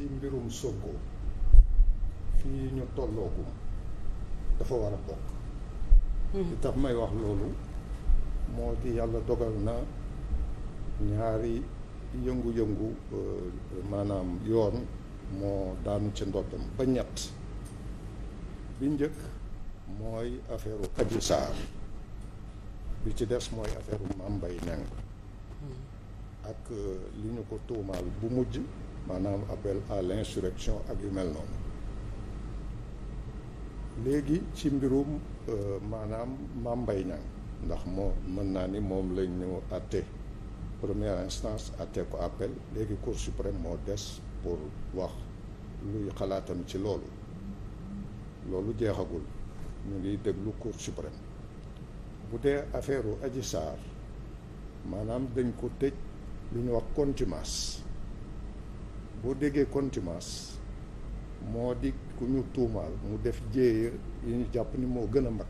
ci mbirum Sonko fii ñu tolloogu dafa war a bokk hmm. li tax may wax loolu moo ci yàlla dogal na ñaari yëngu-yëngu euh, maanaam yoon moo daanu ci ndoddam ba ñett bi njëkk mooy affaire u Adji bi ci des mooy affaire u Mame hmm. ak euh, li ñu ko tuumaal bu mujj maanaam appel à l'insurrection ak yu mel noonu léegi ci mbirum euh, maanaam Mame Mbaye Niang ndax moo mën naa ni moom lañ ñu àtte première instance àtte ko appel léegi cour suprême moo des pour wax luy xalaatam ci loolu loolu jeexagul ñu ngi déglu cour suprême bu dee affaire u Adji maanaam dañ ko tëj lu ñu wax contumace boo déggee contumace moo di ku ñu tuumaal mu def jéeya yi ñu jàpp ni moo gën a mag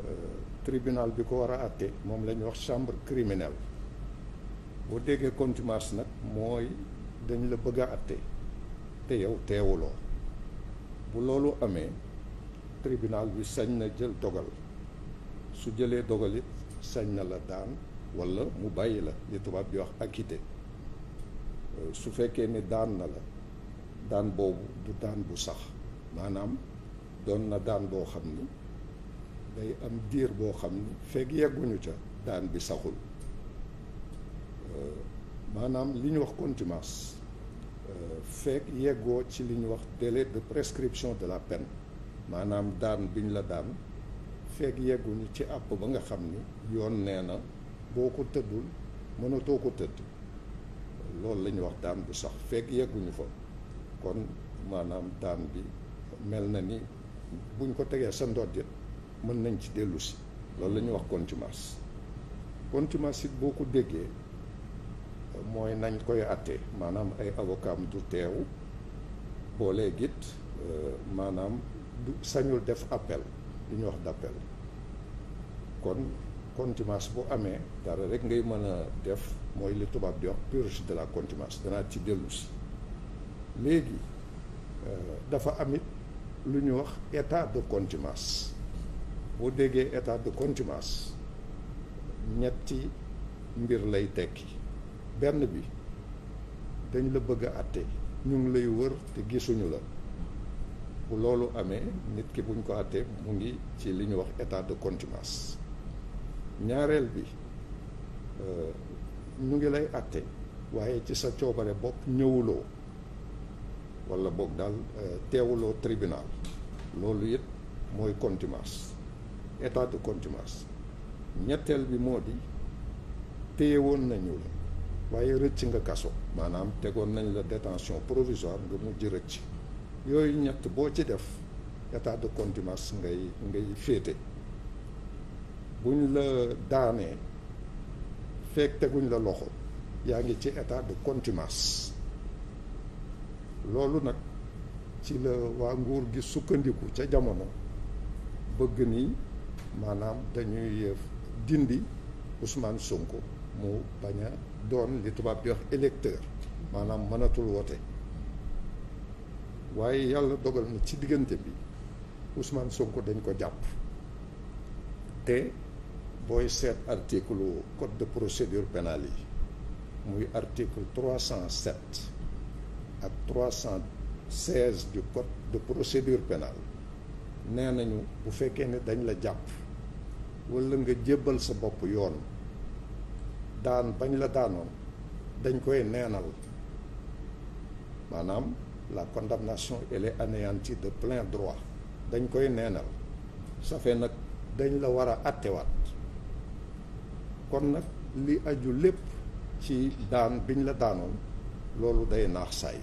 euh, tribunal bi ko war a àtte moom la ñuy wax chambre criminelle boo déggee contumace nag mooy dañ la bëgg a te yow teewuloo bu loolu amee tribunal bi sañ na jël dogal su jëlee dogal it sañ na la daan walla mu bàyyi la li tubaab bi wax acquitté su fekkee ne daan na la daan boobu du daan bu sax maanaam doon na daan boo xam ni day am diir boo xam ni fekk yegguñu ca daan bi saxul euh, maanaam li ñu wax contumace euh, fekk yeggoo ci li ñu wax délai de prescription de la peine maanaam daan biñ la daan fekk yegguñu ci àpp ba nga xam ni yoon nee na boo ko tëddul mënatoo ko tëdd loolu la ñuy wax daan bu sax fekk yegguñu fa kon maanaam daan bi mel na ni buñ ko tegee sa ndoot it mën nañ ci dellusi si loolu la ñuy wax contumace contumace it boo ko déggee mooy nañ koy àttee maanaam ay avocat du teew boolee git euh, maanaam du sañul def appel du ñu wax d'appel kon contumace bu amee dara rek ngay mën a def mooy li tubaab di wax purge de la contumace danaa ci dellu si léegi euh, dafa amit lu ñu wax état de contumace boo déggee état de contumace ñetti mbir lay tekki benn bi dañ la bëgg a àtte ñu ngi lay wër te gisuñu la bu loolu amee nit ki buñ ko àttee mu ngi ci li ñu wax état de contumace ñaareel bi euh, mu ngi lay atte waaye ci sa coobare bopp ñëwuloo wala boog daal euh, teewuloo tribunal loolu it mooy contumace état de contumace ñetteel bi moo di téye woon nañu la waaye rëcc nga kaso maanaam tegoon nañ la détention provisoire nga mujj rëcc yooyu ñett boo ci def état de contumace ngay ngay féete buñ la daanee feeg teguñ la loxo yaa ngi ci état de contumace loolu nag ci la waa nguur gi sukkandiku ca jamono bëgg ni maanaam dañuy dindi Ousmane Sonko mu bañ a doon li tubaab bi wax électeur maanaam mënatul woote waaye yàlla dogal na ci diggante bi Ousmane Sonko dañ ko jàpp te booy seet article code de procédure pénal yi muy article 307 ak 316 du code de procédure pénale nee nañu bu fekkee ne dañ la jàpp walla nga jébbal sa bopp yoon daan bañ la daanoon dañ koy neenal maanaam la condamnation elle est anéantie de plein droit dañ koy neenal ça nag dañ la war a àttewaat kon nag li aju lépp ci daan biñ la daanoon loolu day naax saay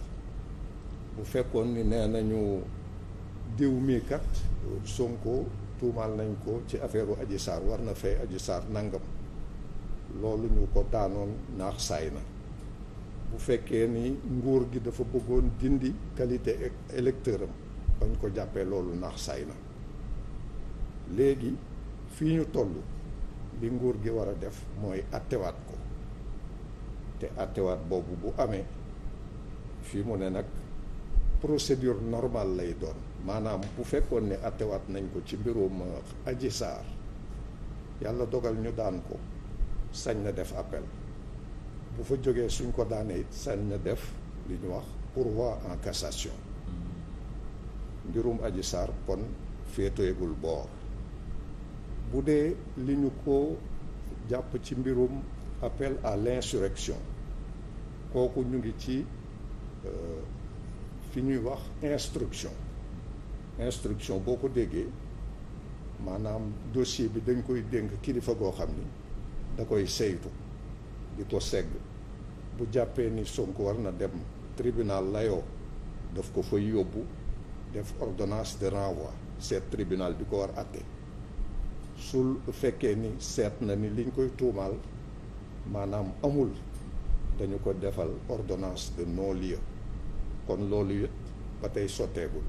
bu fekkoon ni nee nañu diw mii kat Sonko tuumaal nañ ko ci affaire aji Adji war na fay Adji Sarr nangam loolu ñu ko daanoon naax saay na bu fekkee ni nguur gi dafa bëggoon dindi qualité électeur am bañ ko jàppee loolu naax saay na léegi fii ñu toll bi nguur gi war a def mooy attewaat ko te attewaat boobu bu amee fii mu ne nag procédure normale lay doon maanaam bu fekkoon ne attewaat nañ ko ci mbirum uh, aji Sarr yàlla dogal ñu daan ko sañ na def appel bu fa jógee suñ ko daanee sañ na def li ñu wax pour pourvoi en cassation mm-hmm. mbirum Adji Sarr kon féeteegul boor bu dee li ñu ko jàpp ci mbirum appel à l'insurrection kooku ñu ngi ci euh, fi ñuy wax instruction instruction boo ko déggee maanaam dossier bi dañ koy dénk kilifa goo xam ni da koy saytu di ko segg bu jàppee ni Sonko war na dem tribunal layoo daf ko fay yóbbu def ordonnance de renvoi seet tribunal bi ko war àtte sul fekkee ni seet na ni liñ koy tuumaal maanaam amul dañu ko defal ordonnance de non kon loolu it ba tey sotteegul